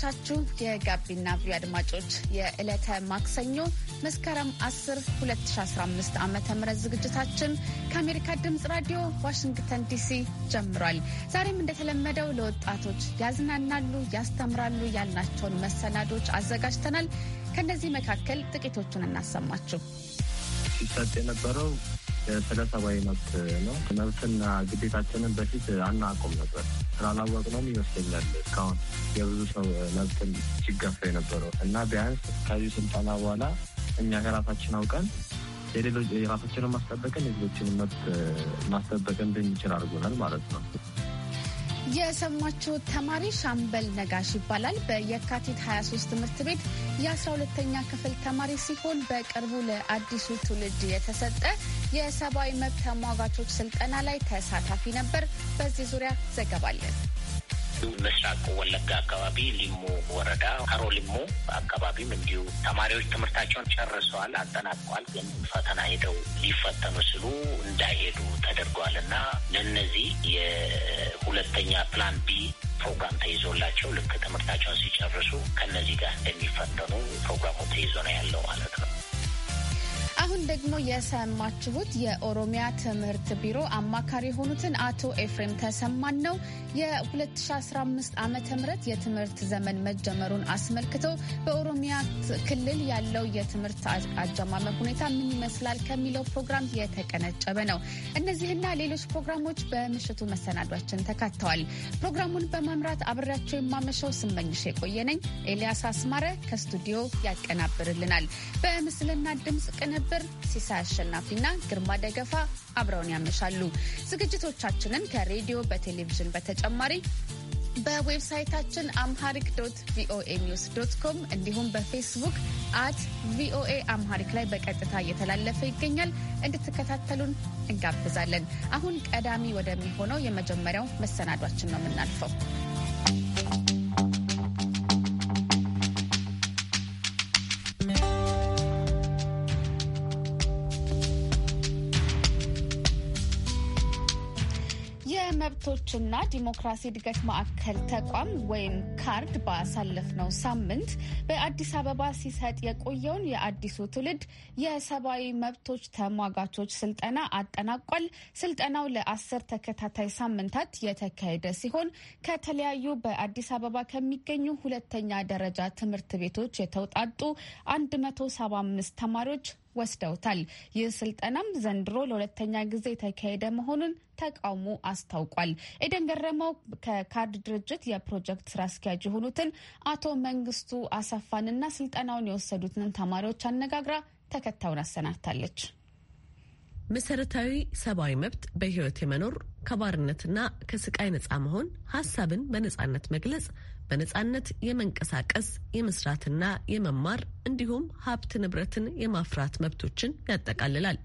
አመሻችሁ የጋቢና ቪ አድማጮች የዕለተ ማክሰኞ መስከረም 10 2015 ዓ ም ዝግጅታችን ከአሜሪካ ድምፅ ራዲዮ ዋሽንግተን ዲሲ ጀምሯል። ዛሬም እንደተለመደው ለወጣቶች ያዝናናሉ፣ ያስተምራሉ ያልናቸውን መሰናዶች አዘጋጅተናል። ከእነዚህ መካከል ጥቂቶቹን እናሰማችሁ። ሲሰጥ የነበረው ስለ ሰብአዊ መብት ነው። መብትና ግዴታችንን በፊት አናቆም ነበር። ስላላወቅነውም ይመስለኛል እስካሁን የብዙ ሰው መብትን ሲገፋ የነበረው እና ቢያንስ ከዚህ ስልጠና በኋላ እኛ ከራሳችን አውቀን የሌሎች የራሳችንን ማስጠበቅን የሌሎችን መብት ማስጠበቅ እንድንችል አድርጎናል ማለት ነው። የሰማችሁት ተማሪ ሻምበል ነጋሽ ይባላል። በየካቲት 23 ትምህርት ቤት የ12ተኛ ክፍል ተማሪ ሲሆን በቅርቡ ለአዲሱ ትውልድ የተሰጠ የሰብአዊ መብት ተሟጋቾች ስልጠና ላይ ተሳታፊ ነበር። በዚህ ዙሪያ ዘገባለን። ምስራቅ ወለጋ አካባቢ ሊሙ ወረዳ ሀሮ ሊሙ አካባቢም እንዲሁ ተማሪዎች ትምህርታቸውን ጨርሰዋል፣ አጠናቀዋል። ግን ፈተና ሄደው ሊፈተኑ ስሉ እንዳይሄዱ ተደርጓል እና ለእነዚህ የሁለተኛ ፕላን ቢ ፕሮግራም ተይዞላቸው ልክ ትምህርታቸውን ሲጨርሱ ከነዚህ ጋር እንደሚፈተኑ ፕሮግራሙ ተይዞ ነው ያለው ማለት ነው። አሁን ደግሞ የሰማችሁት የኦሮሚያ ትምህርት ቢሮ አማካሪ የሆኑትን አቶ ኤፍሬም ተሰማን ነው። የ2015 ዓ ም የትምህርት ዘመን መጀመሩን አስመልክቶ በኦሮሚያ ክልል ያለው የትምህርት አጀማመር ሁኔታ ምን ይመስላል ከሚለው ፕሮግራም የተቀነጨበ ነው። እነዚህና ሌሎች ፕሮግራሞች በምሽቱ መሰናዷችን ተካተዋል። ፕሮግራሙን በመምራት አብሬያቸው የማመሸው ስመኝሽ የቆየነኝ ኤልያስ አስማረ ከስቱዲዮ ያቀናብርልናል። በምስልና ድምፅ ቅንብ ቅንብር ሲሳይ አሸናፊና ግርማ ደገፋ አብረውን ያመሻሉ። ዝግጅቶቻችንን ከሬዲዮ በቴሌቪዥን በተጨማሪ በዌብሳይታችን አምሃሪክ ዶት ቪኦኤ ኒውስ ዶት ኮም እንዲሁም በፌስቡክ አት ቪኦኤ አምሃሪክ ላይ በቀጥታ እየተላለፈ ይገኛል። እንድትከታተሉን እንጋብዛለን። አሁን ቀዳሚ ወደሚሆነው የመጀመሪያው መሰናዷችን ነው የምናልፈው። የመብቶችና ዲሞክራሲ እድገት ማዕከል ተቋም ወይም ካርድ ባሳለፍነው ሳምንት በአዲስ አበባ ሲሰጥ የቆየውን የአዲሱ ትውልድ የሰብአዊ መብቶች ተሟጋቾች ስልጠና አጠናቋል። ስልጠናው ለአስር ተከታታይ ሳምንታት የተካሄደ ሲሆን ከተለያዩ በአዲስ አበባ ከሚገኙ ሁለተኛ ደረጃ ትምህርት ቤቶች የተውጣጡ 175 ተማሪዎች ወስደውታል። ይህ ስልጠናም ዘንድሮ ለሁለተኛ ጊዜ የተካሄደ መሆኑን ተቃውሞ አስታውቋል። ኤደን ገረመው ከካርድ ድርጅት የፕሮጀክት ስራ አስኪያጅ የሆኑትን አቶ መንግስቱ አሰፋንና ስልጠናውን የወሰዱትን ተማሪዎች አነጋግራ ተከታዩን አሰናድታለች። መሰረታዊ ሰብአዊ መብት በህይወት የመኖር ከባርነትና ከስቃይ ነጻ መሆን፣ ሀሳብን በነጻነት መግለጽ በነጻነት የመንቀሳቀስ የመስራትና የመማር እንዲሁም ሀብት ንብረትን የማፍራት መብቶችን ያጠቃልላል።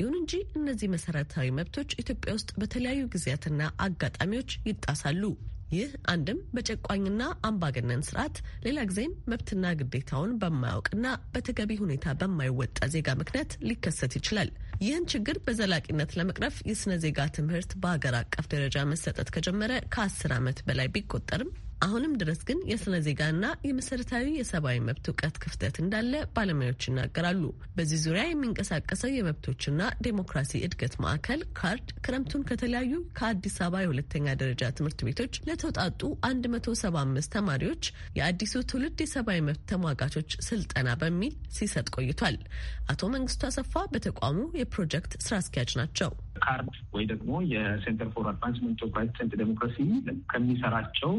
ይሁን እንጂ እነዚህ መሰረታዊ መብቶች ኢትዮጵያ ውስጥ በተለያዩ ጊዜያትና አጋጣሚዎች ይጣሳሉ። ይህ አንድም በጨቋኝና አምባገነን ስርዓት፣ ሌላ ጊዜም መብትና ግዴታውን በማያውቅና በተገቢ ሁኔታ በማይወጣ ዜጋ ምክንያት ሊከሰት ይችላል። ይህን ችግር በዘላቂነት ለመቅረፍ የስነ ዜጋ ትምህርት በሀገር አቀፍ ደረጃ መሰጠት ከጀመረ ከአስር ዓመት በላይ ቢቆጠርም አሁንም ድረስ ግን የስነ ዜጋና የመሰረታዊ የሰብአዊ መብት እውቀት ክፍተት እንዳለ ባለሙያዎች ይናገራሉ። በዚህ ዙሪያ የሚንቀሳቀሰው የመብቶችና ዴሞክራሲ እድገት ማዕከል ካርድ ክረምቱን ከተለያዩ ከአዲስ አበባ የሁለተኛ ደረጃ ትምህርት ቤቶች ለተውጣጡ 175 ተማሪዎች የአዲሱ ትውልድ የሰብአዊ መብት ተሟጋቾች ስልጠና በሚል ሲሰጥ ቆይቷል። አቶ መንግስቱ አሰፋ በተቋሙ የፕሮጀክት ስራ አስኪያጅ ናቸው። ካርድ ወይ ደግሞ የሴንተር ፎር አድቫንስመንት ኦፍ ራይትስ ኤንድ ዴሞክራሲ ከሚሰራቸው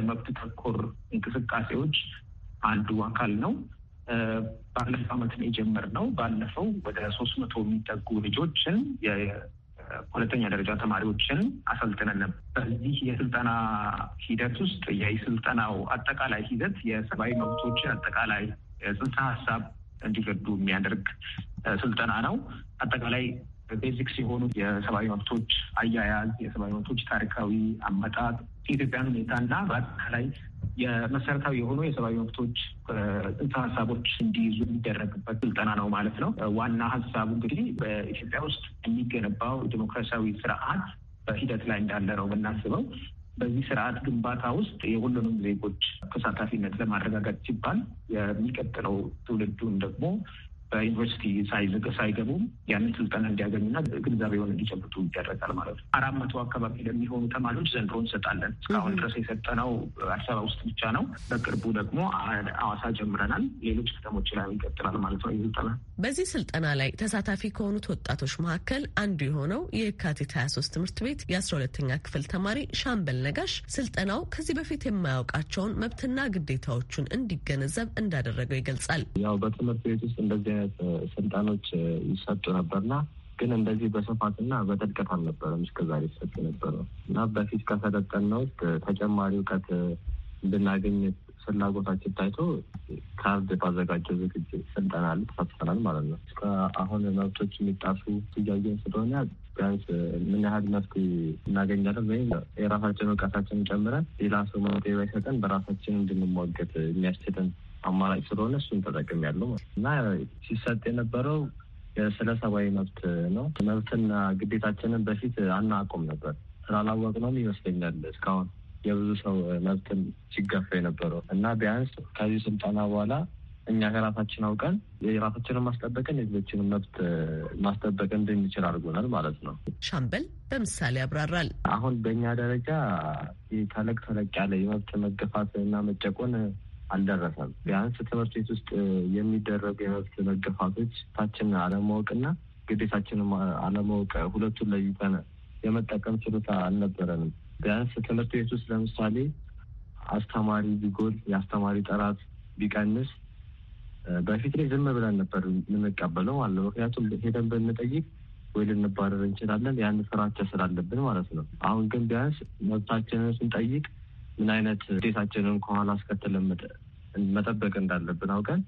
የመብት ተኮር እንቅስቃሴዎች አንዱ አካል ነው። ባለፈው ዓመት ነው የጀመርነው። ባለፈው ወደ ሶስት መቶ የሚጠጉ ልጆችን ሁለተኛ ደረጃ ተማሪዎችን አሰልጥነን ነበር። በዚህ የስልጠና ሂደት ውስጥ የስልጠናው አጠቃላይ ሂደት የሰብአዊ መብቶችን አጠቃላይ ጽንሰ ሀሳብ እንዲገዱ የሚያደርግ ስልጠና ነው። አጠቃላይ ቤዚክ የሆኑ የሰብአዊ መብቶች አያያዝ፣ የሰብአዊ መብቶች ታሪካዊ አመጣጥ፣ የኢትዮጵያን ሁኔታ እና በአጠቃላይ የመሰረታዊ የሆኑ የሰብአዊ መብቶች ጽንሰ ሀሳቦች እንዲይዙ የሚደረግበት ስልጠና ነው ማለት ነው። ዋና ሀሳቡ እንግዲህ በኢትዮጵያ ውስጥ የሚገነባው ዲሞክራሲያዊ ስርዓት በሂደት ላይ እንዳለ ነው የምናስበው። በዚህ ስርዓት ግንባታ ውስጥ የሁሉንም ዜጎች ተሳታፊነት ለማረጋገጥ ሲባል የሚቀጥለው ትውልዱን ደግሞ በዩኒቨርሲቲ ሳይገቡም ያንን ስልጠና እንዲያገኙና ግንዛቤውን እንዲጨብጡ ይደረጋል ማለት ነው። አራት መቶ አካባቢ ለሚሆኑ ተማሪዎች ዘንድሮ እንሰጣለን። እስካሁን ድረስ የሰጠነው አዲስ አበባ ውስጥ ብቻ ነው። በቅርቡ ደግሞ አዋሳ ጀምረናል። ሌሎች ከተሞች ላይ ይቀጥላል ማለት ነው። ስልጠና በዚህ ስልጠና ላይ ተሳታፊ ከሆኑት ወጣቶች መካከል አንዱ የሆነው የካቲት 23 ትምህርት ቤት የአስራ ሁለተኛ ክፍል ተማሪ ሻምበል ነጋሽ ስልጠናው ከዚህ በፊት የማያውቃቸውን መብትና ግዴታዎቹን እንዲገነዘብ እንዳደረገው ይገልጻል። ያው በትምህርት ቤት ውስጥ እንደዚህ ስልጠኖች ይሰጡ ነበርና ግን እንደዚህ በስፋትና በጥልቀት አልነበረም እስከዛሬ ይሰጡ ነበረው እና በፊት ከሰለጠና ውስጥ ተጨማሪ እውቀት እንድናገኝ ፍላጎታችን ታይቶ ካርድ ባዘጋጀው ዝግጅ ስልጠና ተሳትፈናል ማለት ነው። እስከ አሁን መብቶች የሚጣሱ እያየን ስለሆነ ቢያንስ ምን ያህል መፍትሄ እናገኛለን ወይም የራሳችን እውቀታችን ጨምረን ሌላ ሰው መ ባይሰጠን በራሳችን እንድንሟገት የሚያስችለን አማራጭ ስለሆነ እሱን ተጠቅም ያሉ እና ሲሰጥ የነበረው ስለ ሰብአዊ መብት ነው። መብትና ግዴታችንን በፊት አናቆም ነበር ስላላወቅ ነው ይመስለኛል እስካሁን የብዙ ሰው መብትን ሲገፋ የነበረው እና ቢያንስ ከዚህ ስልጠና በኋላ እኛ ከራሳችን አውቀን የራሳችንን ማስጠበቅን የሌሎችንም መብት ማስጠበቅ እንድንችል አድርጎናል ማለት ነው። ሻምበል በምሳሌ ያብራራል። አሁን በእኛ ደረጃ ተለቅ ተለቅ ያለ የመብት መገፋት እና መጨቆን አልደረሰም። ቢያንስ ትምህርት ቤት ውስጥ የሚደረጉ የመብት መገፋቶች ታችን አለማወቅና ግዴታችን አለማወቅ ሁለቱን ለይተን የመጠቀም ችሎታ አልነበረንም። ቢያንስ ትምህርት ቤት ውስጥ ለምሳሌ አስተማሪ ቢጎል፣ የአስተማሪ ጥራት ቢቀንስ በፊት ላይ ዝም ብለን ነበር የምንቀበለው አለ። ነው። ምክንያቱም ሄደን ብንጠይቅ ወይ ልንባረር እንችላለን። ያን ፍራቻ ስላለብን ማለት ነው። አሁን ግን ቢያንስ መብታችንን ስንጠይቅ ምን አይነት ውጤታችንን ከኋላ አስከትለን መጠበቅ እንዳለብን አውቀን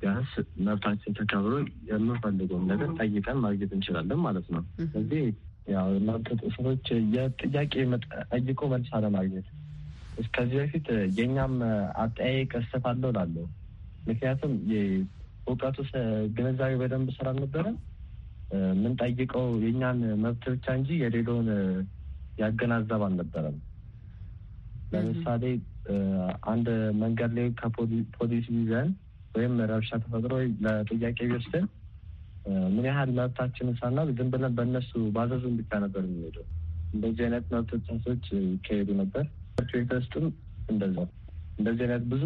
ቢያንስ መብታችን ተከብሮ የምንፈልገውን ነገር ጠይቀን ማግኘት እንችላለን ማለት ነው። ስለዚህ ያው እናንተ ጥሰቶች የጥያቄ ጠይቆ መልስ አለማግኘት ከዚህ በፊት የእኛም አጠያየቅ እስተት አለው ላለው ምክንያቱም እውቀቱ ግንዛቤ በደንብ ስላልነበረን የምንጠይቀው የእኛን መብት ብቻ እንጂ የሌለውን ያገናዘብ አልነበረም። ለምሳሌ አንድ መንገድ ላይ ከፖሊስ ይዘን ወይም ረብሻ ተፈጥሮ ለጥያቄ ቢወስድን ምን ያህል መብታችንን ሳናውቅ ዝም ብለን በእነሱ ባዘዙን ብቻ ነበር የሚሄደው። እንደዚህ አይነት መብት ጥሰቶች ይካሄዱ ነበር። ትምህርት ቤት ውስጥም እንደዛ እንደዚህ አይነት ብዙ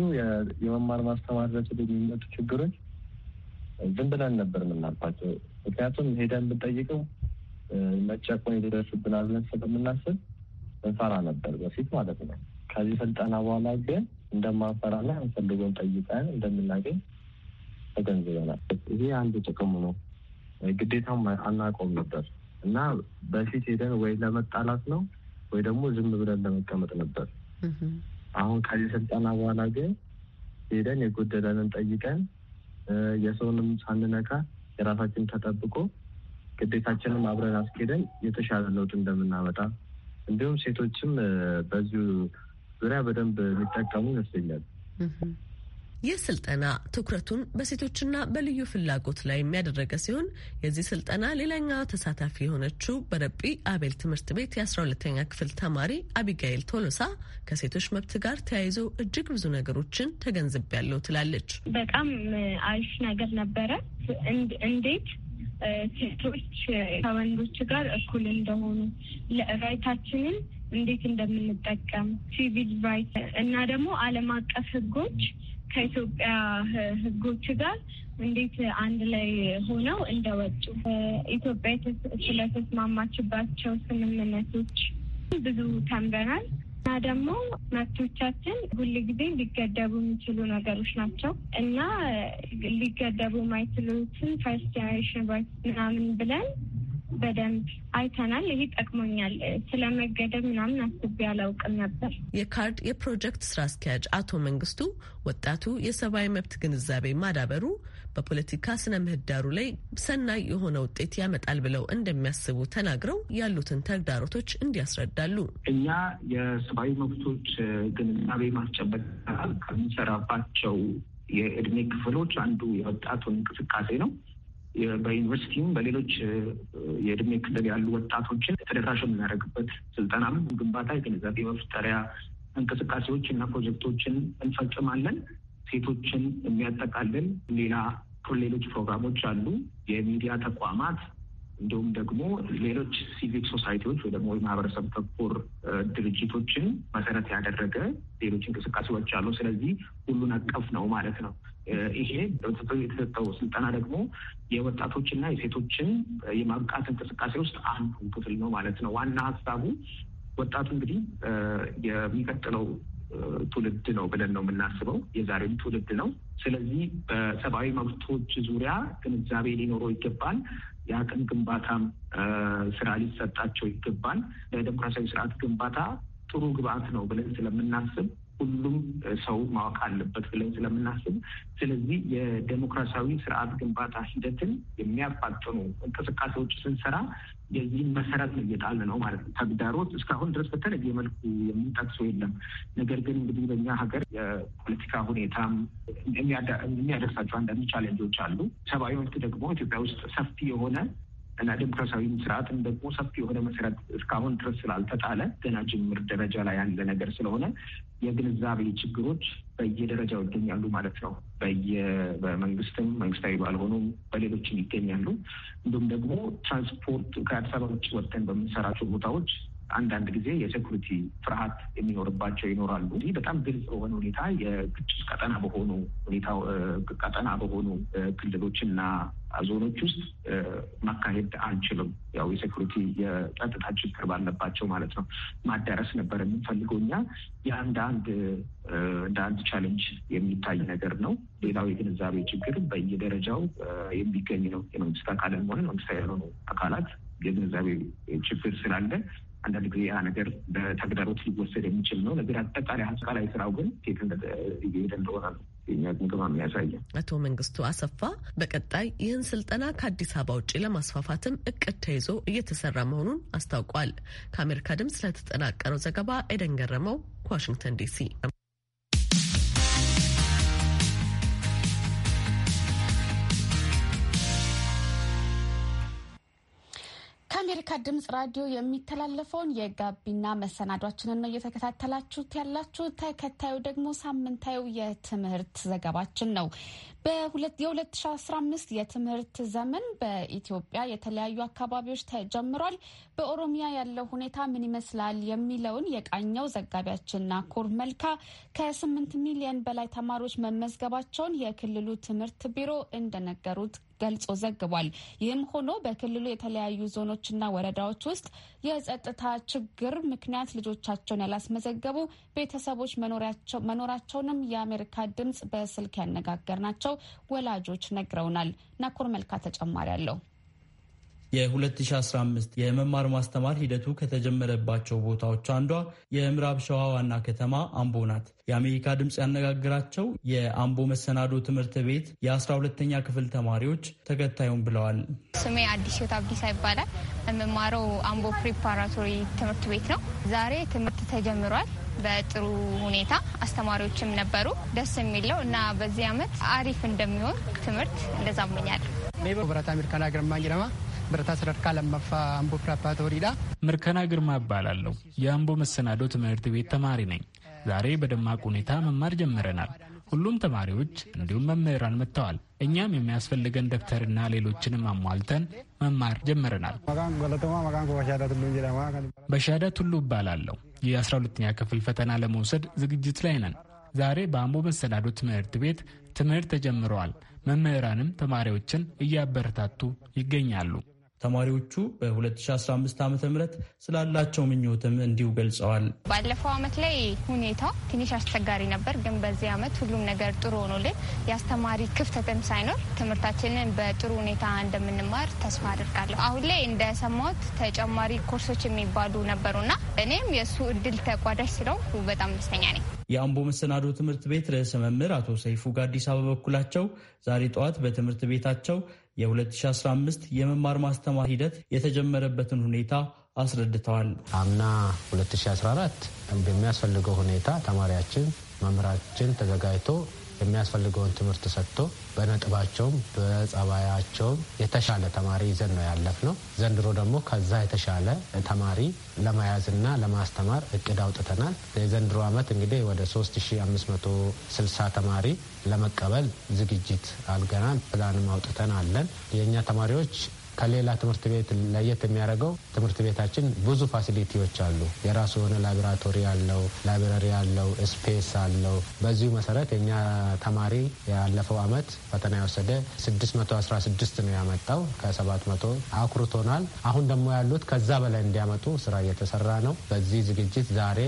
የመማር ማስተማር ረስድ የሚመጡ ችግሮች ዝም ብለን ነበር የምናልፋቸው። ምክንያቱም ሄደን ብንጠይቀው መጨቆን የደረሱብን ብለን ስለምናስብ እንፈራ ነበር በፊት ማለት ነው። ከዚህ ስልጠና በኋላ ግን እንደማንፈራና አንፈልጎን ጠይቀን እንደምናገኝ ተገንዝበናል። ይሄ አንዱ ጥቅሙ ነው። ግዴታም አናቆም ነበር እና በፊት ሄደን ወይ ለመጣላት ነው ወይ ደግሞ ዝም ብለን ለመቀመጥ ነበር። አሁን ከዚህ ስልጠና በኋላ ግን ሄደን የጎደለንን ጠይቀን የሰውንም ሳንነካ የራሳችን ተጠብቆ ግዴታችንም አብረን አስኬደን የተሻለ ለውጥ እንደምናመጣ እንዲሁም ሴቶችም በዚሁ ዙሪያ በደንብ የሚጠቀሙ ይመስለኛል። ይህ ስልጠና ትኩረቱን በሴቶችና በልዩ ፍላጎት ላይ የሚያደረገ ሲሆን የዚህ ስልጠና ሌላኛዋ ተሳታፊ የሆነችው በረጲ አቤል ትምህርት ቤት የአስራ ሁለተኛ ክፍል ተማሪ አቢጋኤል ቶሎሳ ከሴቶች መብት ጋር ተያይዞ እጅግ ብዙ ነገሮችን ተገንዝቤያለሁ ትላለች። በጣም አሪፍ ነገር ነበረ። እንዴት ሴቶች ከወንዶች ጋር እኩል እንደሆኑ ራይታችንን እንዴት እንደምንጠቀም ሲቪል ራይት እና ደግሞ ዓለም አቀፍ ሕጎች ከኢትዮጵያ ሕጎች ጋር እንዴት አንድ ላይ ሆነው እንደወጡ ኢትዮጵያ ስለተስማማችባቸው ስምምነቶች ብዙ ተምረናል። እና ደግሞ መብቶቻችን ሁል ጊዜ ሊገደቡ የሚችሉ ነገሮች ናቸው እና ሊገደቡ ማይችሉትን ፈርስት ጀኔሬሽን ምናምን ብለን በደንብ አይተናል። ይሄ ጠቅሞኛል። ስለመገደብ ምናምን አስቤ አላውቅም ነበር። የካርድ የፕሮጀክት ስራ አስኪያጅ አቶ መንግስቱ ወጣቱ የሰብአዊ መብት ግንዛቤ ማዳበሩ በፖለቲካ ስነ ምህዳሩ ላይ ሰናይ የሆነ ውጤት ያመጣል ብለው እንደሚያስቡ ተናግረው ያሉትን ተግዳሮቶች እንዲያስረዳሉ። እኛ የሰብአዊ መብቶች ግንዛቤ ማስጨበቅ ከምንሰራባቸው የእድሜ ክፍሎች አንዱ የወጣቱ እንቅስቃሴ ነው። በዩኒቨርሲቲም በሌሎች የእድሜ ክልል ያሉ ወጣቶችን ተደራሽ የምናደርግበት ስልጠናም ግንባታ፣ የግንዛቤ መፍጠሪያ እንቅስቃሴዎች እና ፕሮጀክቶችን እንፈጽማለን። ሴቶችን የሚያጠቃልል ሌላ ሌሎች ፕሮግራሞች አሉ። የሚዲያ ተቋማት እንዲሁም ደግሞ ሌሎች ሲቪክ ሶሳይቲዎች ወይ ደግሞ የማህበረሰብ ተኮር ድርጅቶችን መሰረት ያደረገ ሌሎች እንቅስቃሴዎች አሉ። ስለዚህ ሁሉን አቀፍ ነው ማለት ነው። ይሄ የተሰጠው ስልጠና ደግሞ የወጣቶችና የሴቶችን የማብቃት እንቅስቃሴ ውስጥ አንዱ ክፍል ነው ማለት ነው። ዋና ሀሳቡ ወጣቱ እንግዲህ የሚቀጥለው ትውልድ ነው ብለን ነው የምናስበው። የዛሬም ትውልድ ነው። ስለዚህ በሰብአዊ መብቶች ዙሪያ ግንዛቤ ሊኖረው ይገባል። የአቅም ግንባታም ስራ ሊሰጣቸው ይገባል። ለዲሞክራሲያዊ ስርዓት ግንባታ ጥሩ ግብአት ነው ብለን ስለምናስብ ሁሉም ሰው ማወቅ አለበት ብለን ስለምናስብ፣ ስለዚህ የዴሞክራሲያዊ ስርዓት ግንባታ ሂደትን የሚያፋጥኑ እንቅስቃሴዎች ስንሰራ የዚህም መሰረት እየጣል ነው ማለት ነው። ተግዳሮት እስካሁን ድረስ በተለየ መልኩ የምንጠቅሰው የለም። ነገር ግን እንግዲህ በኛ ሀገር የፖለቲካ ሁኔታም የሚያደርሳቸው አንዳንድ ቻሌንጆች አሉ። ሰብአዊ መብት ደግሞ ኢትዮጵያ ውስጥ ሰፊ የሆነ እና ዴሞክራሲያዊም ስርዓትን ደግሞ ሰፊ የሆነ መሰረት እስካሁን ድረስ ስላልተጣለ ገና ጅምር ደረጃ ላይ ያለ ነገር ስለሆነ የግንዛቤ ችግሮች በየደረጃው ይገኛሉ ማለት ነው። በየመንግስትም መንግስታዊ ባልሆኑም በሌሎችም ይገኛሉ። እንዲሁም ደግሞ ትራንስፖርት ከአዲስ አበባ ውጭ ወጥተን በምንሰራቸው ቦታዎች አንዳንድ ጊዜ የሴኩሪቲ ፍርሃት የሚኖርባቸው ይኖራሉ። ይህ በጣም ግልጽ በሆነ ሁኔታ የግጭት ቀጠና በሆኑ ሁኔታ ቀጠና በሆኑ ክልሎችና ዞኖች ውስጥ ማካሄድ አንችልም። ያው የሴኩሪቲ የጸጥታ ችግር ባለባቸው ማለት ነው። ማዳረስ ነበር የምንፈልገው እኛ ያ እንደ አንድ እንደ አንድ ቻለንጅ የሚታይ ነገር ነው። ሌላው የግንዛቤ ችግር በየደረጃው የሚገኝ ነው። የመንግስት አካልን ሆነ መንግስታዊ ያልሆኑ አካላት የግንዛቤ ችግር ስላለ አንዳንድ ጊዜ ያ ነገር በተግዳሮት ሊወሰድ የሚችል ነው። ነገር አጠቃላይ አጠቃላይ ስራው ግን ቴት እየሄደ እንደሆነ ነው ግምገማ አቶ መንግስቱ አሰፋ በቀጣይ ይህን ስልጠና ከአዲስ አበባ ውጭ ለማስፋፋትም እቅድ ተይዞ እየተሰራ መሆኑን አስታውቋል። ከአሜሪካ ድምፅ ለተጠናቀረው ዘገባ ኤደን ገረመው ከዋሽንግተን ዲሲ ከአሜሪካ ድምጽ ራዲዮ የሚተላለፈውን የጋቢና መሰናዷችንን ነው እየተከታተላችሁት ያላችሁ። ተከታዩ ደግሞ ሳምንታዊ የትምህርት ዘገባችን ነው። የ2015 የትምህርት ዘመን በኢትዮጵያ የተለያዩ አካባቢዎች ተጀምሯል። በኦሮሚያ ያለው ሁኔታ ምን ይመስላል የሚለውን የቃኘው ዘጋቢያችን ናኮር መልካ ከ8 ሚሊዮን በላይ ተማሪዎች መመዝገባቸውን የክልሉ ትምህርት ቢሮ እንደነገሩት ገልጾ ዘግቧል። ይህም ሆኖ በክልሉ የተለያዩ ዞኖችና ወረዳዎች ውስጥ የጸጥታ ችግር ምክንያት ልጆቻቸውን ያላስመዘገቡ ቤተሰቦች መኖራቸውንም የአሜሪካ ድምጽ በስልክ ያነጋገርናቸው ወላጆች ነግረውናል። ናኮር መልካ ተጨማሪ አለው። የ2015 የመማር ማስተማር ሂደቱ ከተጀመረባቸው ቦታዎች አንዷ የምዕራብ ሸዋ ዋና ከተማ አምቦ ናት። የአሜሪካ ድምፅ ያነጋግራቸው የአምቦ መሰናዶ ትምህርት ቤት የ12ተኛ ክፍል ተማሪዎች ተከታዩን ብለዋል። ስሜ አዲስ ህይወት አብዲሳ ይባላል። የምማረው አምቦ ፕሪፓራቶሪ ትምህርት ቤት ነው። ዛሬ ትምህርት ተጀምሯል በጥሩ ሁኔታ አስተማሪዎችም ነበሩ። ደስ የሚለው እና በዚህ አመት አሪፍ እንደሚሆን ትምህርት እንደዛ እመኛለሁ። ብረታ ሰደርካ ለመፋ አምቦ ፕሬፓቶሪዳ ምርከና ግርማ እባላለሁ። የአምቦ መሰናዶ ትምህርት ቤት ተማሪ ነኝ። ዛሬ በደማቅ ሁኔታ መማር ጀምረናል። ሁሉም ተማሪዎች እንዲሁም መምህራን መጥተዋል። እኛም የሚያስፈልገን ደብተርና ሌሎችንም አሟልተን መማር ጀምረናል። በሻዳ ቱሉ እባላለሁ። የ12ኛ ክፍል ፈተና ለመውሰድ ዝግጅት ላይ ነን። ዛሬ በአምቦ መሰናዶ ትምህርት ቤት ትምህርት ተጀምረዋል። መምህራንም ተማሪዎችን እያበረታቱ ይገኛሉ። ተማሪዎቹ በ2015 ዓ ም ስላላቸው ምኞትም እንዲሁ ገልጸዋል። ባለፈው ዓመት ላይ ሁኔታው ትንሽ አስቸጋሪ ነበር፣ ግን በዚህ ዓመት ሁሉም ነገር ጥሩ ሆኖልን የአስተማሪ ክፍተትም ሳይኖር ትምህርታችንን በጥሩ ሁኔታ እንደምንማር ተስፋ አድርጋለሁ። አሁን ላይ እንደሰማሁት ተጨማሪ ኮርሶች የሚባሉ ነበሩና እኔም የእሱ እድል ተቋዳሽ ስለው በጣም ደስተኛ ነኝ። የአምቦ መሰናዶ ትምህርት ቤት ርዕሰ መምህር አቶ ሰይፉ ጋዲሳ በበኩላቸው ዛሬ ጠዋት በትምህርት ቤታቸው የ2015 የመማር ማስተማር ሂደት የተጀመረበትን ሁኔታ አስረድተዋል። አምና 2014 በሚያስፈልገው ሁኔታ ተማሪያችን መምህራችን ተዘጋጅቶ የሚያስፈልገውን ትምህርት ሰጥቶ በነጥባቸውም በጸባያቸውም የተሻለ ተማሪ ይዘን ነው ያለፍ ነው። ዘንድሮ ደግሞ ከዛ የተሻለ ተማሪ ለመያዝና ለማስተማር እቅድ አውጥተናል። የዘንድሮ ዓመት እንግዲህ ወደ 3560 ተማሪ ለመቀበል ዝግጅት አልገናል። ፕላንም አውጥተን አለን የእኛ ተማሪዎች ከሌላ ትምህርት ቤት ለየት የሚያደርገው ትምህርት ቤታችን ብዙ ፋሲሊቲዎች አሉ። የራሱ የሆነ ላቦራቶሪ አለው፣ ላይብረሪ አለው፣ ስፔስ አለው። በዚሁ መሰረት የኛ ተማሪ ያለፈው አመት ፈተና የወሰደ 616 ነው ያመጣው ከ700 አኩርቶናል። አሁን ደግሞ ያሉት ከዛ በላይ እንዲያመጡ ስራ እየተሰራ ነው። በዚህ ዝግጅት ዛሬ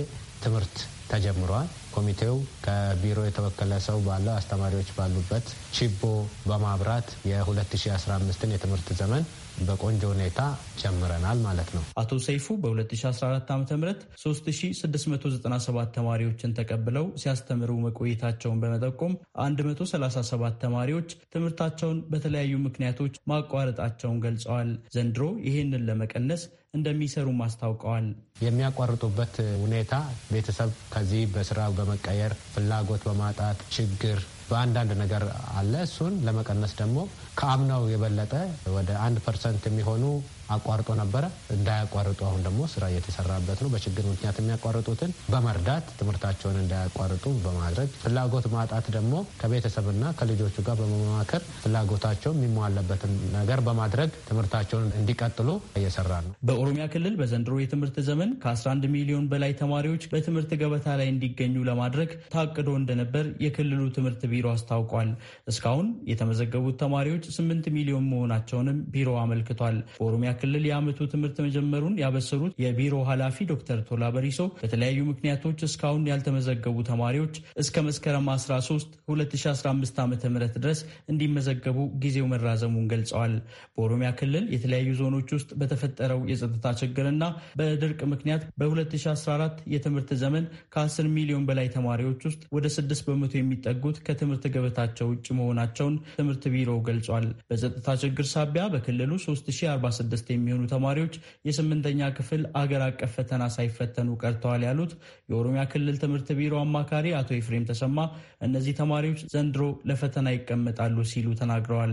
ትምህርት ተጀምሯል። ኮሚቴው ከቢሮ የተወከለ ሰው ባለው አስተማሪዎች ባሉበት ችቦ በማብራት የ2015ን የትምህርት ዘመን በቆንጆ ሁኔታ ጀምረናል ማለት ነው። አቶ ሰይፉ በ2014 ዓ ም 3697 ተማሪዎችን ተቀብለው ሲያስተምሩ መቆየታቸውን በመጠቆም 137 ተማሪዎች ትምህርታቸውን በተለያዩ ምክንያቶች ማቋረጣቸውን ገልጸዋል። ዘንድሮ ይህንን ለመቀነስ እንደሚሰሩ አስታውቀዋል። የሚያቋርጡበት ሁኔታ ቤተሰብ ከዚህ በስራ በመቀየር ፍላጎት በማጣት ችግር በአንዳንድ ነገር አለ። እሱን ለመቀነስ ደግሞ ከአምናው የበለጠ ወደ አንድ ፐርሰንት የሚሆኑ አቋርጦ ነበረ። እንዳያቋርጡ አሁን ደግሞ ስራ እየተሰራበት ነው። በችግር ምክንያት የሚያቋርጡትን በመርዳት ትምህርታቸውን እንዳያቋርጡ በማድረግ ፍላጎት ማጣት ደግሞ ከቤተሰብና ከልጆቹ ጋር በመማከር ፍላጎታቸው የሚሟለበትን ነገር በማድረግ ትምህርታቸውን እንዲቀጥሉ እየሰራ ነው። በኦሮሚያ ክልል በዘንድሮ የትምህርት ዘመን ከ11 ሚሊዮን በላይ ተማሪዎች በትምህርት ገበታ ላይ እንዲገኙ ለማድረግ ታቅዶ እንደነበር የክልሉ ትምህርት ቢሮ አስታውቋል። እስካሁን የተመዘገቡት ተማሪዎች 8 ሚሊዮን መሆናቸውንም ቢሮ አመልክቷል። በኦሮሚያ ክልል የዓመቱ ትምህርት መጀመሩን ያበሰሩት የቢሮ ኃላፊ ዶክተር ቶላ በሪሶ በተለያዩ ምክንያቶች እስካሁን ያልተመዘገቡ ተማሪዎች እስከ መስከረም 13 2015 ዓ ም ድረስ እንዲመዘገቡ ጊዜው መራዘሙን ገልጸዋል። በኦሮሚያ ክልል የተለያዩ ዞኖች ውስጥ በተፈጠረው የጸጥታ ችግርና በድርቅ ምክንያት በ2014 የትምህርት ዘመን ከ10 ሚሊዮን በላይ ተማሪዎች ውስጥ ወደ 6 በመቶ የሚጠጉት ከትምህርት ገበታቸው ውጭ መሆናቸውን ትምህርት ቢሮው ገልጿል። በጸጥታ ችግር ሳቢያ በክልሉ 3046 ስድስት የሚሆኑ ተማሪዎች የስምንተኛ ክፍል አገር አቀፍ ፈተና ሳይፈተኑ ቀርተዋል ያሉት የኦሮሚያ ክልል ትምህርት ቢሮ አማካሪ አቶ ኤፍሬም ተሰማ እነዚህ ተማሪዎች ዘንድሮ ለፈተና ይቀመጣሉ ሲሉ ተናግረዋል።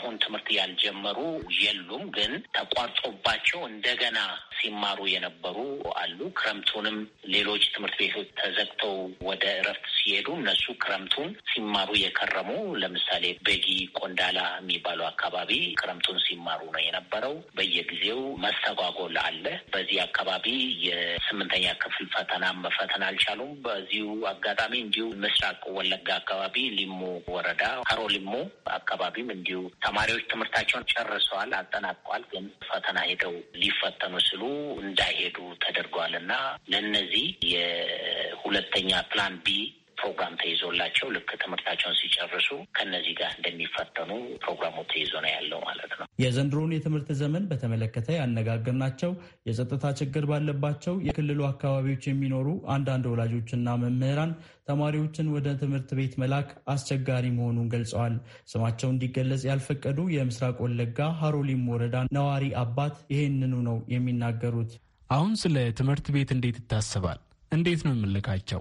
አሁን ትምህርት ያልጀመሩ የሉም፣ ግን ተቋርጦባቸው እንደገና ሲማሩ የነበሩ አሉ። ክረምቱንም ሌሎች ትምህርት ቤቶች ተዘግተው ወደ እረፍት ሲሄዱ እነሱ ክረምቱን ሲማሩ የከረሙ ለምሳሌ ቤጊ ቆንዳላ የሚባሉ አካባቢ ክረምቱን ሲማሩ ነው የነበረው። በየጊዜው መስተጓጎል አለ። በዚህ አካባቢ የስምንተኛ ክፍል ፈተና መፈተን አልቻሉም። በዚሁ አጋጣሚ እንዲሁ ምስራቅ ወለጋ አካባቢ ሊሙ ወረዳ ከሮ ሊሙ አካባቢም እንዲሁ ተማሪዎች ትምህርታቸውን ጨርሰዋል፣ አጠናቀዋል። ግን ፈተና ሄደው ሊፈተኑ ስሉ እንዳይሄዱ ተደርገዋል እና ለእነዚህ የሁለተኛ ፕላን ቢ ፕሮግራም ተይዞላቸው ልክ ትምህርታቸውን ሲጨርሱ ከነዚህ ጋር እንደሚፈተኑ ፕሮግራሙ ተይዞ ነው ያለው ማለት ነው። የዘንድሮውን የትምህርት ዘመን በተመለከተ ያነጋገርናቸው የጸጥታ ችግር ባለባቸው የክልሉ አካባቢዎች የሚኖሩ አንዳንድ ወላጆችና መምህራን ተማሪዎችን ወደ ትምህርት ቤት መላክ አስቸጋሪ መሆኑን ገልጸዋል። ስማቸው እንዲገለጽ ያልፈቀዱ የምስራቅ ወለጋ ሀሮሊም ወረዳ ነዋሪ አባት ይህንኑ ነው የሚናገሩት። አሁን ስለ ትምህርት ቤት እንዴት ይታሰባል? እንዴት ነው የምልካቸው?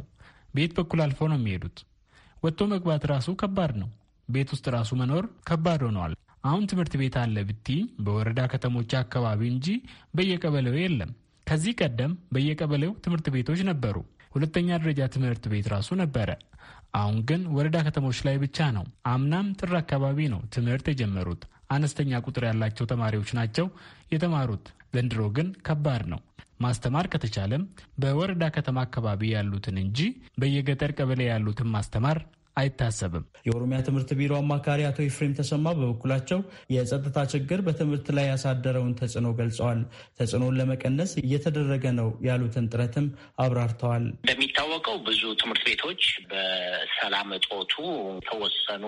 ቤት በኩል አልፈው ነው የሚሄዱት። ወጥቶ መግባት ራሱ ከባድ ነው። ቤት ውስጥ ራሱ መኖር ከባድ ሆነዋል። አሁን ትምህርት ቤት አለ ብትኝ በወረዳ ከተሞች አካባቢ እንጂ በየቀበሌው የለም። ከዚህ ቀደም በየቀበሌው ትምህርት ቤቶች ነበሩ። ሁለተኛ ደረጃ ትምህርት ቤት ራሱ ነበረ። አሁን ግን ወረዳ ከተሞች ላይ ብቻ ነው። አምናም ጥር አካባቢ ነው ትምህርት የጀመሩት። አነስተኛ ቁጥር ያላቸው ተማሪዎች ናቸው የተማሩት። ዘንድሮ ግን ከባድ ነው። ማስተማር ከተቻለም በወረዳ ከተማ አካባቢ ያሉትን እንጂ በየገጠር ቀበሌ ያሉትን ማስተማር አይታሰብም። የኦሮሚያ ትምህርት ቢሮ አማካሪ አቶ ኢፍሬም ተሰማ በበኩላቸው የጸጥታ ችግር በትምህርት ላይ ያሳደረውን ተጽዕኖ ገልጸዋል። ተጽዕኖን ለመቀነስ እየተደረገ ነው ያሉትን ጥረትም አብራርተዋል። እንደሚታወቀው ብዙ ትምህርት ቤቶች በሰላም እጦቱ የተወሰኑ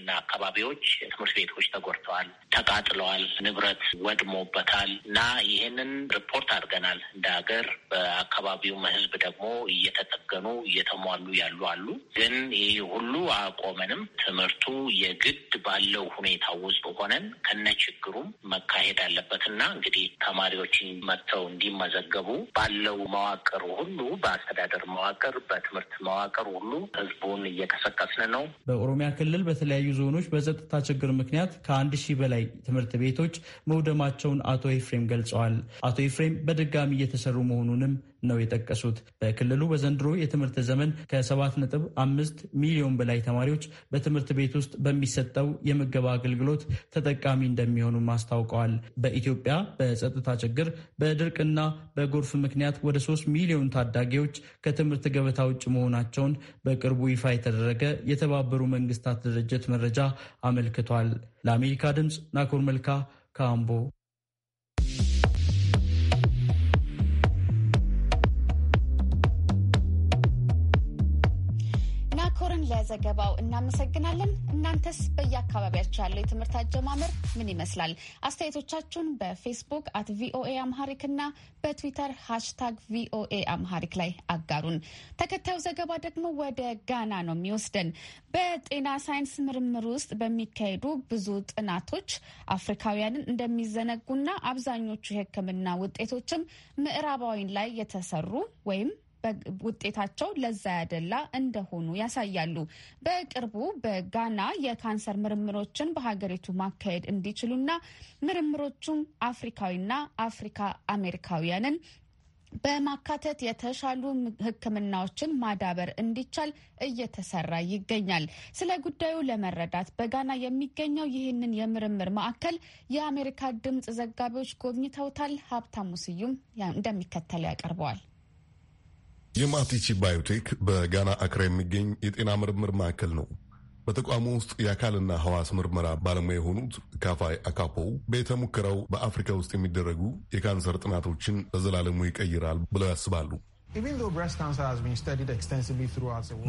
እና አካባቢዎች ትምህርት ቤቶች ተጎድተዋል፣ ተቃጥለዋል፣ ንብረት ወድሞበታል እና ይህንን ሪፖርት አድርገናል እንደ ሀገር። በአካባቢውም ህዝብ ደግሞ እየተጠገኑ እየተሟሉ ያሉ አሉ ግን ይህ ሁሉ አቆመንም ትምህርቱ የግድ ባለው ሁኔታ ውስጥ ሆነን ከነ ችግሩም መካሄድ አለበትና እንግዲህ ተማሪዎችን መጥተው እንዲመዘገቡ ባለው መዋቅር ሁሉ በአስተዳደር መዋቅር፣ በትምህርት መዋቅር ሁሉ ህዝቡን እየቀሰቀስን ነው። በኦሮሚያ ክልል በተለያዩ ዞኖች በጸጥታ ችግር ምክንያት ከአንድ ሺህ በላይ ትምህርት ቤቶች መውደማቸውን አቶ ኤፍሬም ገልጸዋል። አቶ ኤፍሬም በድጋሚ እየተሰሩ መሆኑንም ነው የጠቀሱት። በክልሉ በዘንድሮ የትምህርት ዘመን ከ ነጥብ አምስት ሚሊዮን በላይ ተማሪዎች በትምህርት ቤት ውስጥ በሚሰጠው የምገብ አገልግሎት ተጠቃሚ እንደሚሆኑም አስታውቀዋል። በኢትዮጵያ በጸጥታ ችግር በድርቅና በጎርፍ ምክንያት ወደ ሶስት ሚሊዮን ታዳጊዎች ከትምህርት ገበታ ውጭ መሆናቸውን በቅርቡ ይፋ የተደረገ የተባበሩ መንግስታት ድርጅት መረጃ አመልክቷል። ለአሜሪካ ድምፅ ናኮር መልካ ካምቦ ለዘገባው እናመሰግናለን። እናንተስ በየአካባቢያቸው ያለው የትምህርት አጀማመር ምን ይመስላል? አስተያየቶቻችሁን በፌስቡክ አት ቪኦኤ አምሃሪክ እና በትዊተር ሃሽታግ ቪኦኤ አምሃሪክ ላይ አጋሩን። ተከታዩ ዘገባ ደግሞ ወደ ጋና ነው የሚወስደን። በጤና ሳይንስ ምርምር ውስጥ በሚካሄዱ ብዙ ጥናቶች አፍሪካውያንን እንደሚዘነጉና አብዛኞቹ የሕክምና ውጤቶችም ምዕራባዊን ላይ የተሰሩ ወይም ውጤታቸው ለዛ ያደላ እንደሆኑ ያሳያሉ። በቅርቡ በጋና የካንሰር ምርምሮችን በሀገሪቱ ማካሄድ እንዲችሉና ምርምሮቹም አፍሪካዊና አፍሪካ አሜሪካውያንን በማካተት የተሻሉ ሕክምናዎችን ማዳበር እንዲቻል እየተሰራ ይገኛል። ስለ ጉዳዩ ለመረዳት በጋና የሚገኘው ይህንን የምርምር ማዕከል የአሜሪካ ድምፅ ዘጋቢዎች ጎብኝተውታል። ሀብታሙ ስዩም እንደሚከተለው ያቀርበዋል። የማቲቺ ባዮቴክ በጋና አክራ የሚገኝ የጤና ምርምር ማዕከል ነው። በተቋሙ ውስጥ የአካልና ሐዋስ ምርመራ ባለሙያ የሆኑት ካፋይ አካፖ ቤተ ሙከራው በአፍሪካ ውስጥ የሚደረጉ የካንሰር ጥናቶችን በዘላለሙ ይቀይራል ብለው ያስባሉ።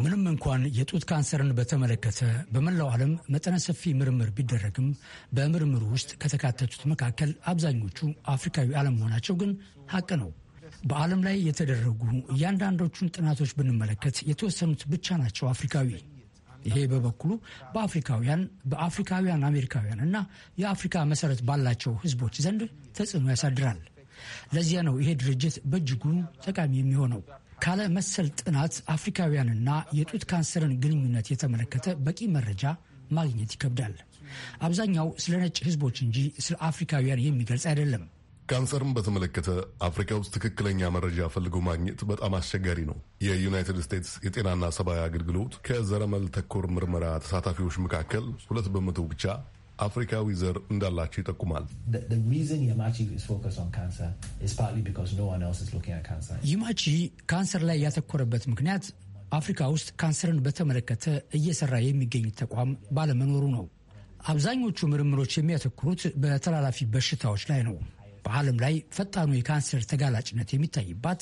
ምንም እንኳን የጡት ካንሰርን በተመለከተ በመላው ዓለም መጠነ ሰፊ ምርምር ቢደረግም በምርምሩ ውስጥ ከተካተቱት መካከል አብዛኞቹ አፍሪካዊ አለመሆናቸው ግን ሀቅ ነው። በዓለም ላይ የተደረጉ እያንዳንዶቹን ጥናቶች ብንመለከት የተወሰኑት ብቻ ናቸው አፍሪካዊ። ይሄ በበኩሉ በአፍሪካውያን በአፍሪካውያን አሜሪካውያን እና የአፍሪካ መሰረት ባላቸው ህዝቦች ዘንድ ተጽዕኖ ያሳድራል። ለዚያ ነው ይሄ ድርጅት በእጅጉ ጠቃሚ የሚሆነው። ካለ መሰል ጥናት አፍሪካውያንና የጡት ካንሰርን ግንኙነት የተመለከተ በቂ መረጃ ማግኘት ይከብዳል። አብዛኛው ስለ ነጭ ህዝቦች እንጂ ስለ አፍሪካውያን የሚገልጽ አይደለም። ካንሰርን በተመለከተ አፍሪካ ውስጥ ትክክለኛ መረጃ ፈልጎ ማግኘት በጣም አስቸጋሪ ነው። የዩናይትድ ስቴትስ የጤናና ሰብአዊ አገልግሎት ከዘረመል ተኮር ምርመራ ተሳታፊዎች መካከል ሁለት በመቶ ብቻ አፍሪካዊ ዘር እንዳላቸው ይጠቁማል። ይማቺ ካንሰር ላይ ያተኮረበት ምክንያት አፍሪካ ውስጥ ካንሰርን በተመለከተ እየሰራ የሚገኝ ተቋም ባለመኖሩ ነው። አብዛኞቹ ምርምሮች የሚያተኩሩት በተላላፊ በሽታዎች ላይ ነው። በዓለም ላይ ፈጣኑ የካንሰር ተጋላጭነት የሚታይባት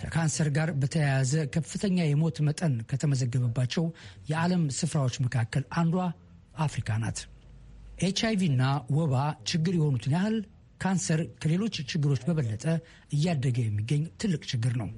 ከካንሰር ጋር በተያያዘ ከፍተኛ የሞት መጠን ከተመዘገበባቸው የዓለም ስፍራዎች መካከል አንዷ አፍሪካ ናት። ኤች አይቪ እና ወባ ችግር የሆኑትን ያህል ካንሰር ከሌሎች ችግሮች በበለጠ እያደገ የሚገኝ ትልቅ ችግር ነው።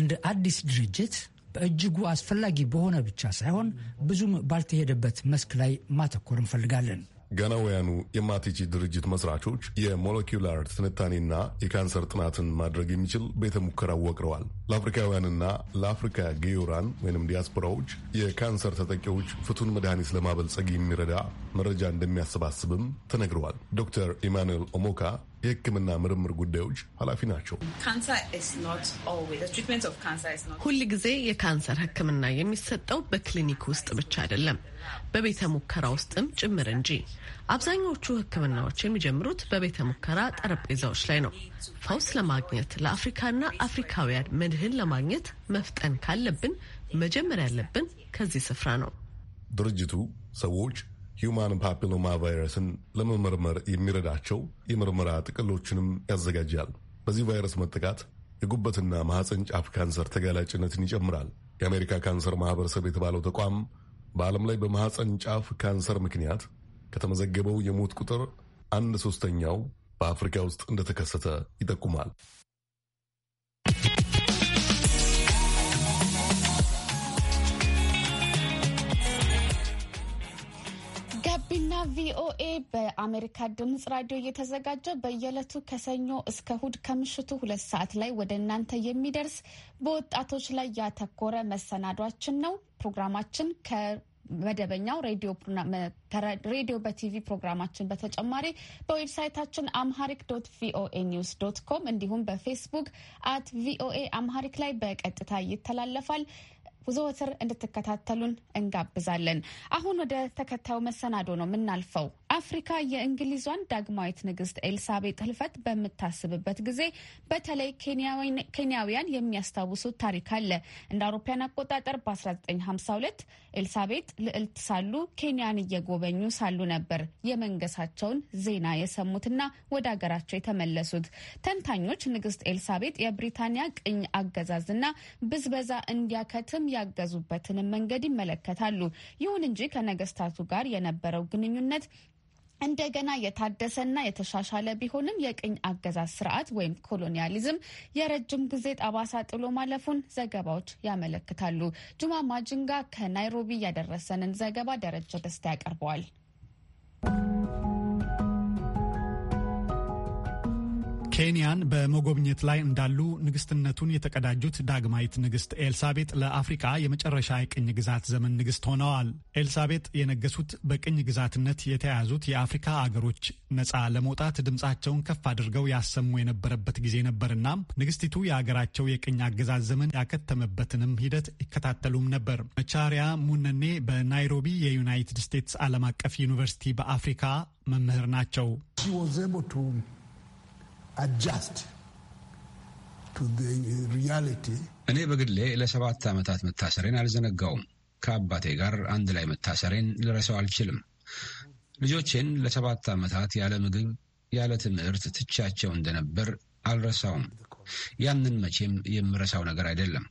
እንደ አዲስ ድርጅት በእጅጉ አስፈላጊ በሆነ ብቻ ሳይሆን ብዙም ባልተሄደበት መስክ ላይ ማተኮር እንፈልጋለን። ጋናውያኑ የማቲቺ ድርጅት መስራቾች የሞለኪላር ትንታኔና የካንሰር ጥናትን ማድረግ የሚችል ቤተ ሙከራ ወቅረዋል። ለአፍሪካውያንና ለአፍሪካ ጌዮራን ወይም ዲያስፖራዎች የካንሰር ተጠቂዎች ፍቱን መድኃኒት ለማበልጸግ የሚረዳ መረጃ እንደሚያሰባስብም ተነግረዋል። ዶክተር ኢማኑኤል ኦሞካ የሕክምና ምርምር ጉዳዮች ኃላፊ ናቸው። ሁል ጊዜ የካንሰር ሕክምና የሚሰጠው በክሊኒክ ውስጥ ብቻ አይደለም፣ በቤተ ሙከራ ውስጥም ጭምር እንጂ። አብዛኞቹ ሕክምናዎች የሚጀምሩት በቤተ ሙከራ ጠረጴዛዎች ላይ ነው። ፈውስ ለማግኘት ለአፍሪካና አፍሪካውያን መድህን ለማግኘት መፍጠን ካለብን መጀመር ያለብን ከዚህ ስፍራ ነው። ድርጅቱ ሰዎች ሂውማን ፓፒሎማ ቫይረስን ለመመርመር የሚረዳቸው የምርመራ ጥቅሎችንም ያዘጋጃል። በዚህ ቫይረስ መጠቃት የጉበትና ማህፀን ጫፍ ካንሰር ተጋላጭነትን ይጨምራል። የአሜሪካ ካንሰር ማህበረሰብ የተባለው ተቋም በዓለም ላይ በማህፀን ጫፍ ካንሰር ምክንያት ከተመዘገበው የሞት ቁጥር አንድ ሶስተኛው በአፍሪካ ውስጥ እንደተከሰተ ይጠቁማል። ቪኦኤ በአሜሪካ ድምጽ ራዲዮ እየተዘጋጀ በየዕለቱ ከሰኞ እስከ እሁድ ከምሽቱ ሁለት ሰዓት ላይ ወደ እናንተ የሚደርስ በወጣቶች ላይ ያተኮረ መሰናዷችን ነው። ፕሮግራማችን ከመደበኛው ሬዲዮ በቲቪ ፕሮግራማችን በተጨማሪ በዌብሳይታችን አምሃሪክ ዶት ቪኦኤ ኒውስ ዶት ኮም እንዲሁም በፌስቡክ አት ቪኦኤ አምሃሪክ ላይ በቀጥታ ይተላለፋል። ዘወትር እንድትከታተሉን እንጋብዛለን። አሁን ወደ ተከታዩ መሰናዶ ነው የምናልፈው። አፍሪካ የእንግሊዟን ዳግማዊት ንግስት ኤልሳቤጥ ህልፈት በምታስብበት ጊዜ በተለይ ኬንያውያን የሚያስታውሱት ታሪክ አለ። እንደ አውሮፓያን አቆጣጠር በ1952 ኤልሳቤጥ ልዕልት ሳሉ ኬንያን እየጎበኙ ሳሉ ነበር የመንገሳቸውን ዜና የሰሙትና ወደ ሀገራቸው የተመለሱት። ተንታኞች ንግስት ኤልሳቤጥ የብሪታንያ ቅኝ አገዛዝና ብዝበዛ እንዲያከትም ያገዙበትንም መንገድ ይመለከታሉ። ይሁን እንጂ ከነገስታቱ ጋር የነበረው ግንኙነት እንደገና የታደሰና የተሻሻለ ቢሆንም የቅኝ አገዛዝ ስርዓት ወይም ኮሎኒያሊዝም የረጅም ጊዜ ጠባሳ ጥሎ ማለፉን ዘገባዎች ያመለክታሉ። ጁማ ማጅንጋ ከናይሮቢ ያደረሰንን ዘገባ ደረጀ ደስታ ያቀርበዋል። ኬንያን በመጎብኘት ላይ እንዳሉ ንግስትነቱን የተቀዳጁት ዳግማዊት ንግስት ኤልሳቤጥ ለአፍሪካ የመጨረሻ የቅኝ ግዛት ዘመን ንግስት ሆነዋል። ኤልሳቤጥ የነገሱት በቅኝ ግዛትነት የተያዙት የአፍሪካ አገሮች ነፃ ለመውጣት ድምፃቸውን ከፍ አድርገው ያሰሙ የነበረበት ጊዜ ነበርና ንግስቲቱ የአገራቸው የቅኝ አገዛዝ ዘመን ያከተመበትንም ሂደት ይከታተሉም ነበር። መቻሪያ ሙነኔ በናይሮቢ የዩናይትድ ስቴትስ ዓለም አቀፍ ዩኒቨርሲቲ በአፍሪካ መምህር ናቸው። adjust to the uh, reality እኔ በግሌ ለሰባት ዓመታት መታሰሬን አልዘነጋውም። ከአባቴ ጋር አንድ ላይ መታሰሬን ልረሳው አልችልም። ልጆቼን ለሰባት ዓመታት ያለ ምግብ ያለ ትምህርት ትቻቸው እንደነበር አልረሳውም። ያንን መቼም የምረሳው ነገር አይደለም።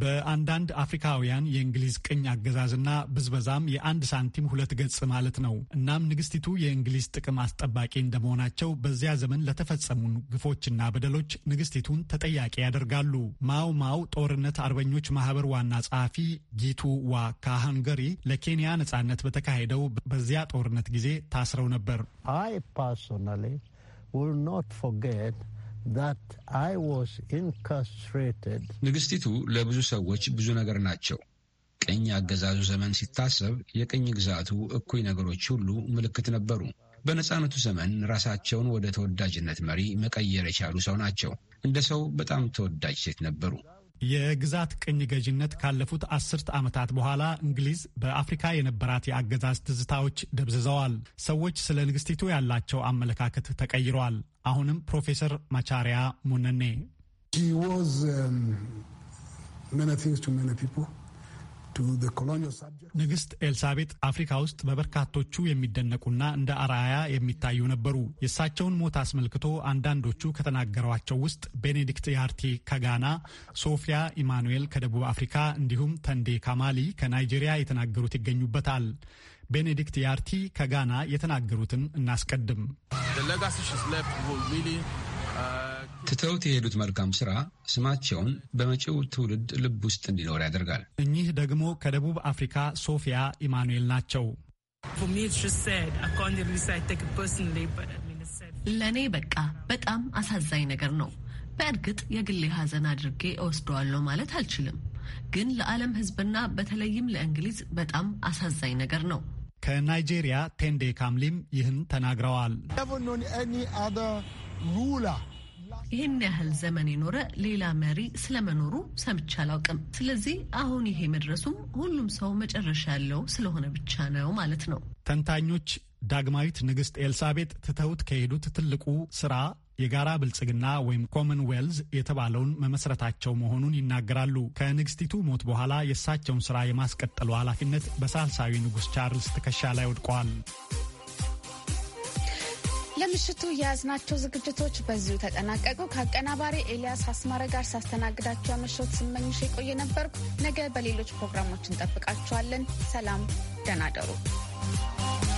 በአንዳንድ አፍሪካውያን የእንግሊዝ ቅኝ አገዛዝና ብዝበዛም የአንድ ሳንቲም ሁለት ገጽ ማለት ነው። እናም ንግስቲቱ የእንግሊዝ ጥቅም አስጠባቂ እንደመሆናቸው በዚያ ዘመን ለተፈጸሙ ግፎችና በደሎች ንግስቲቱን ተጠያቂ ያደርጋሉ። ማው ማው ጦርነት አርበኞች ማህበር ዋና ጸሐፊ ጊቱ ዋ ካሃንገሪ ለኬንያ ነጻነት በተካሄደው በዚያ ጦርነት ጊዜ ታስረው ነበር። አይ ፐርሶናሊ ኖት ፎርጌት ንግስቲቱ ለብዙ ሰዎች ብዙ ነገር ናቸው። ቅኝ አገዛዙ ዘመን ሲታሰብ የቅኝ ግዛቱ እኩይ ነገሮች ሁሉ ምልክት ነበሩ። በነፃነቱ ዘመን ራሳቸውን ወደ ተወዳጅነት መሪ መቀየር የቻሉ ሰው ናቸው። እንደ ሰው በጣም ተወዳጅ ሴት ነበሩ። የግዛት ቅኝ ገዥነት ካለፉት አስርት ዓመታት በኋላ እንግሊዝ በአፍሪካ የነበራት የአገዛዝ ትዝታዎች ደብዝዘዋል። ሰዎች ስለ ንግስቲቱ ያላቸው አመለካከት ተቀይረዋል። አሁንም ፕሮፌሰር ማቻሪያ ሙነኔ ንግሥት ኤልሳቤጥ አፍሪካ ውስጥ በበርካቶቹ የሚደነቁና እንደ አርአያ የሚታዩ ነበሩ። የእሳቸውን ሞት አስመልክቶ አንዳንዶቹ ከተናገሯቸው ውስጥ ቤኔዲክት ያርቲ ከጋና፣ ሶፊያ ኢማኑኤል ከደቡብ አፍሪካ እንዲሁም ተንዴ ካማሊ ከናይጄሪያ የተናገሩት ይገኙበታል። ቤኔዲክት ያርቲ ከጋና የተናገሩትን እናስቀድም። ትተውት የሄዱት መልካም ስራ ስማቸውን በመጪው ትውልድ ልብ ውስጥ እንዲኖር ያደርጋል። እኚህ ደግሞ ከደቡብ አፍሪካ ሶፊያ ኢማኑኤል ናቸው። ለእኔ በቃ በጣም አሳዛኝ ነገር ነው። በእርግጥ የግሌ ሀዘን አድርጌ እወስደዋለሁ ማለት አልችልም፣ ግን ለዓለም ሕዝብና በተለይም ለእንግሊዝ በጣም አሳዛኝ ነገር ነው። ከናይጄሪያ ቴንዴ ካምሊም ይህን ተናግረዋል። ይህን ያህል ዘመን የኖረ ሌላ መሪ ስለመኖሩ ሰምቼ አላውቅም። ስለዚህ አሁን ይሄ መድረሱም ሁሉም ሰው መጨረሻ ያለው ስለሆነ ብቻ ነው ማለት ነው። ተንታኞች ዳግማዊት ንግሥት ኤልሳቤጥ ትተውት ከሄዱት ትልቁ ስራ የጋራ ብልጽግና ወይም ዌልዝ የተባለውን መመስረታቸው መሆኑን ይናገራሉ። ከንግስቲቱ ሞት በኋላ የእሳቸውን ስራ የማስቀጠሉ ኃላፊነት በሳልሳዊ ንጉሥ ቻርልስ ትከሻ ላይ ወድቀዋል። ለምሽቱ የያዝናቸው ዝግጅቶች በዚሁ ተጠናቀቁ። ከአቀናባሪ ኤልያስ አስማረ ጋር ሳስተናግዳችሁ ያመሸሁት ስመኝሽ የቆየ ነበርኩ። ነገ በሌሎች ፕሮግራሞች እንጠብቃችኋለን። ሰላም፣ ደህና እደሩ።